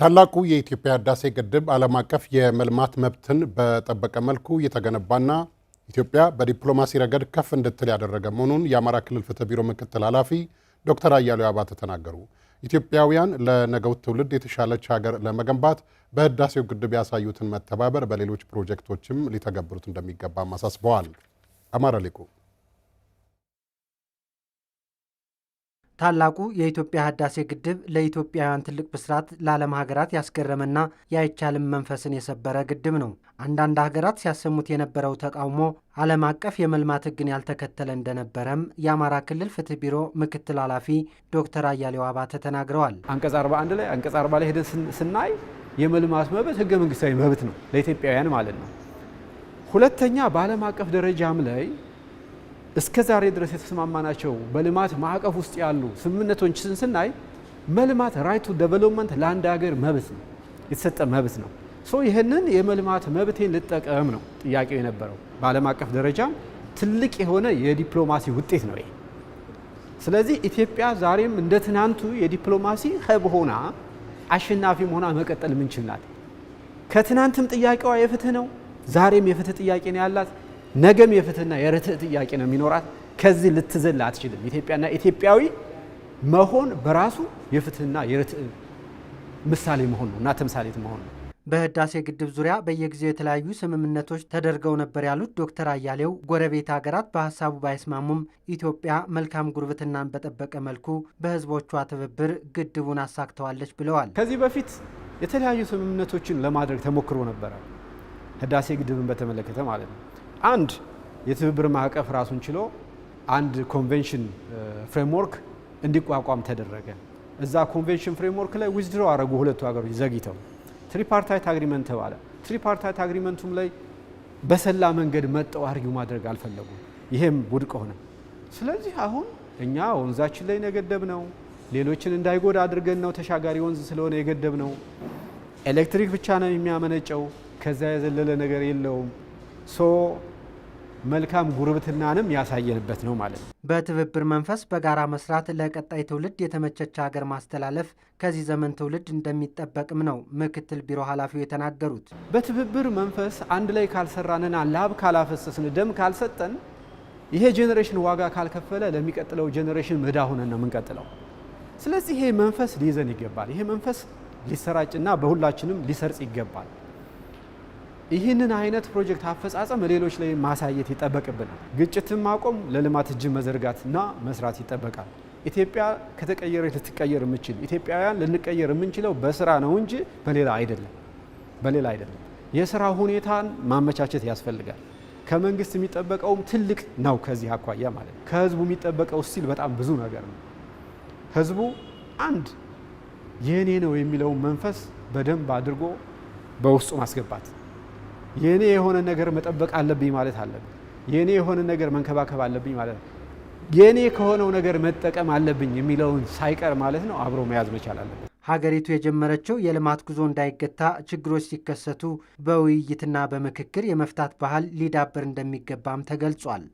ታላቁ የኢትዮጵያ ህዳሴ ግድብ ዓለም አቀፍ የመልማት መብትን በጠበቀ መልኩ እየተገነባና ኢትዮጵያ በዲፕሎማሲ ረገድ ከፍ እንድትል ያደረገ መሆኑን የአማራ ክልል ፍትህ ቢሮ ምክትል ኃላፊ ዶክተር አያሌው አባተ ተናገሩ። ኢትዮጵያውያን ለነገው ትውልድ የተሻለች ሀገር ለመገንባት በህዳሴው ግድብ ያሳዩትን መተባበር በሌሎች ፕሮጀክቶችም ሊተገብሩት እንደሚገባም አሳስበዋል። አማራ ሊቁ ታላቁ የኢትዮጵያ ህዳሴ ግድብ ለኢትዮጵያውያን ትልቅ ብስራት፣ ለዓለም ሀገራት ያስገረመና የአይቻልም መንፈስን የሰበረ ግድብ ነው። አንዳንድ ሀገራት ሲያሰሙት የነበረው ተቃውሞ ዓለም አቀፍ የመልማት ህግን ያልተከተለ እንደነበረም የአማራ ክልል ፍትህ ቢሮ ምክትል ኃላፊ ዶክተር አያሌው አባተ ተናግረዋል። አንቀጽ 41 ላይ አንቀጽ 40 ላይ ሄደን ስናይ የመልማት መብት ህገ መንግስታዊ መብት ነው፣ ለኢትዮጵያውያን ማለት ነው። ሁለተኛ በዓለም አቀፍ ደረጃም ላይ እስከ ዛሬ ድረስ የተስማማናቸው በልማት ማዕቀፍ ውስጥ ያሉ ስምምነቶችን ስናይ መልማት ራይቱ ዴቨሎፕመንት ለአንድ ሀገር መብት ነው፣ የተሰጠ መብት ነው። ሶ ይህንን የመልማት መብቴን ልጠቀም ነው ጥያቄው የነበረው። በዓለም አቀፍ ደረጃም ትልቅ የሆነ የዲፕሎማሲ ውጤት ነው ይሄ። ስለዚህ ኢትዮጵያ ዛሬም እንደ ትናንቱ የዲፕሎማሲ ህብ ሆና አሸናፊም ሆና መቀጠል ምንችል ናት። ከትናንትም ጥያቄዋ የፍትህ ነው፣ ዛሬም የፍትህ ጥያቄ ነው ያላት። ነገም የፍትህና የርትዕ ጥያቄ ነው የሚኖራት። ከዚህ ልትዘል አትችልም። ኢትዮጵያና ኢትዮጵያዊ መሆን በራሱ የፍትህና የርትዕ ምሳሌ መሆን ነው እና ተምሳሌት መሆን ነው። በህዳሴ ግድብ ዙሪያ በየጊዜው የተለያዩ ስምምነቶች ተደርገው ነበር ያሉት ዶክተር አያሌው ጎረቤት ሀገራት በሀሳቡ ባይስማሙም ኢትዮጵያ መልካም ጉርብትናን በጠበቀ መልኩ በህዝቦቿ ትብብር ግድቡን አሳክተዋለች ብለዋል። ከዚህ በፊት የተለያዩ ስምምነቶችን ለማድረግ ተሞክሮ ነበረ፣ ህዳሴ ግድብን በተመለከተ ማለት ነው። አንድ የትብብር ማዕቀፍ ራሱን ችሎ አንድ ኮንቬንሽን ፍሬምወርክ እንዲቋቋም ተደረገ። እዛ ኮንቬንሽን ፍሬምወርክ ላይ ዊዝድሮ አረጉ ሁለቱ ሀገሮች ዘግይተው። ትሪፓርታይት አግሪመንት ተባለ። ትሪፓርታይት አግሪመንቱም ላይ በሰላ መንገድ መጠው አርጊው ማድረግ አልፈለጉም። ይሄም ውድቅ ሆነ። ስለዚህ አሁን እኛ ወንዛችን ላይ ነው ሌሎችን እንዳይጎዳ አድርገን ነው ተሻጋሪ ወንዝ ስለሆነ የገደብ ነው። ኤሌክትሪክ ብቻ ነው የሚያመነጨው፣ ከዛ የዘለለ ነገር የለውም። ሶ መልካም ጉርብትናንም ያሳየንበት ነው ማለት ነው። በትብብር መንፈስ በጋራ መስራት ለቀጣይ ትውልድ የተመቸች ሀገር ማስተላለፍ ከዚህ ዘመን ትውልድ እንደሚጠበቅም ነው ምክትል ቢሮ ኃላፊው የተናገሩት። በትብብር መንፈስ አንድ ላይ ካልሰራንና ላብ ካላፈሰስን ደም ካልሰጠን ይሄ ጄኔሬሽን ዋጋ ካልከፈለ ለሚቀጥለው ጄኔሬሽን ምዳ ሆነን ነው የምንቀጥለው። ስለዚህ ይሄ መንፈስ ሊይዘን ይገባል። ይሄ መንፈስ ሊሰራጭና በሁላችንም ሊሰርጽ ይገባል። ይህንን አይነት ፕሮጀክት አፈጻጸም ሌሎች ላይ ማሳየት ይጠበቅብናል። ግጭትን ማቆም፣ ለልማት እጅ መዘርጋትና መስራት ይጠበቃል። ኢትዮጵያ ከተቀየረች ልትቀየር የምችል ኢትዮጵያውያን ልንቀየር የምንችለው በስራ ነው እንጂ በሌላ አይደለም፣ በሌላ አይደለም። የስራ ሁኔታን ማመቻቸት ያስፈልጋል። ከመንግስት የሚጠበቀውም ትልቅ ነው። ከዚህ አኳያ ማለት ነው። ከህዝቡ የሚጠበቀው ሲል በጣም ብዙ ነገር ነው። ህዝቡ አንድ የእኔ ነው የሚለውን መንፈስ በደንብ አድርጎ በውስጡ ማስገባት የኔ የሆነ ነገር መጠበቅ አለብኝ ማለት አለብኝ። የኔ የሆነ ነገር መንከባከብ አለብኝ ማለት የኔ ከሆነው ነገር መጠቀም አለብኝ የሚለውን ሳይቀር ማለት ነው አብሮ መያዝ መቻል አለብን። ሀገሪቱ የጀመረችው የልማት ጉዞ እንዳይገታ ችግሮች ሲከሰቱ በውይይትና በምክክር የመፍታት ባህል ሊዳብር እንደሚገባም ተገልጿል።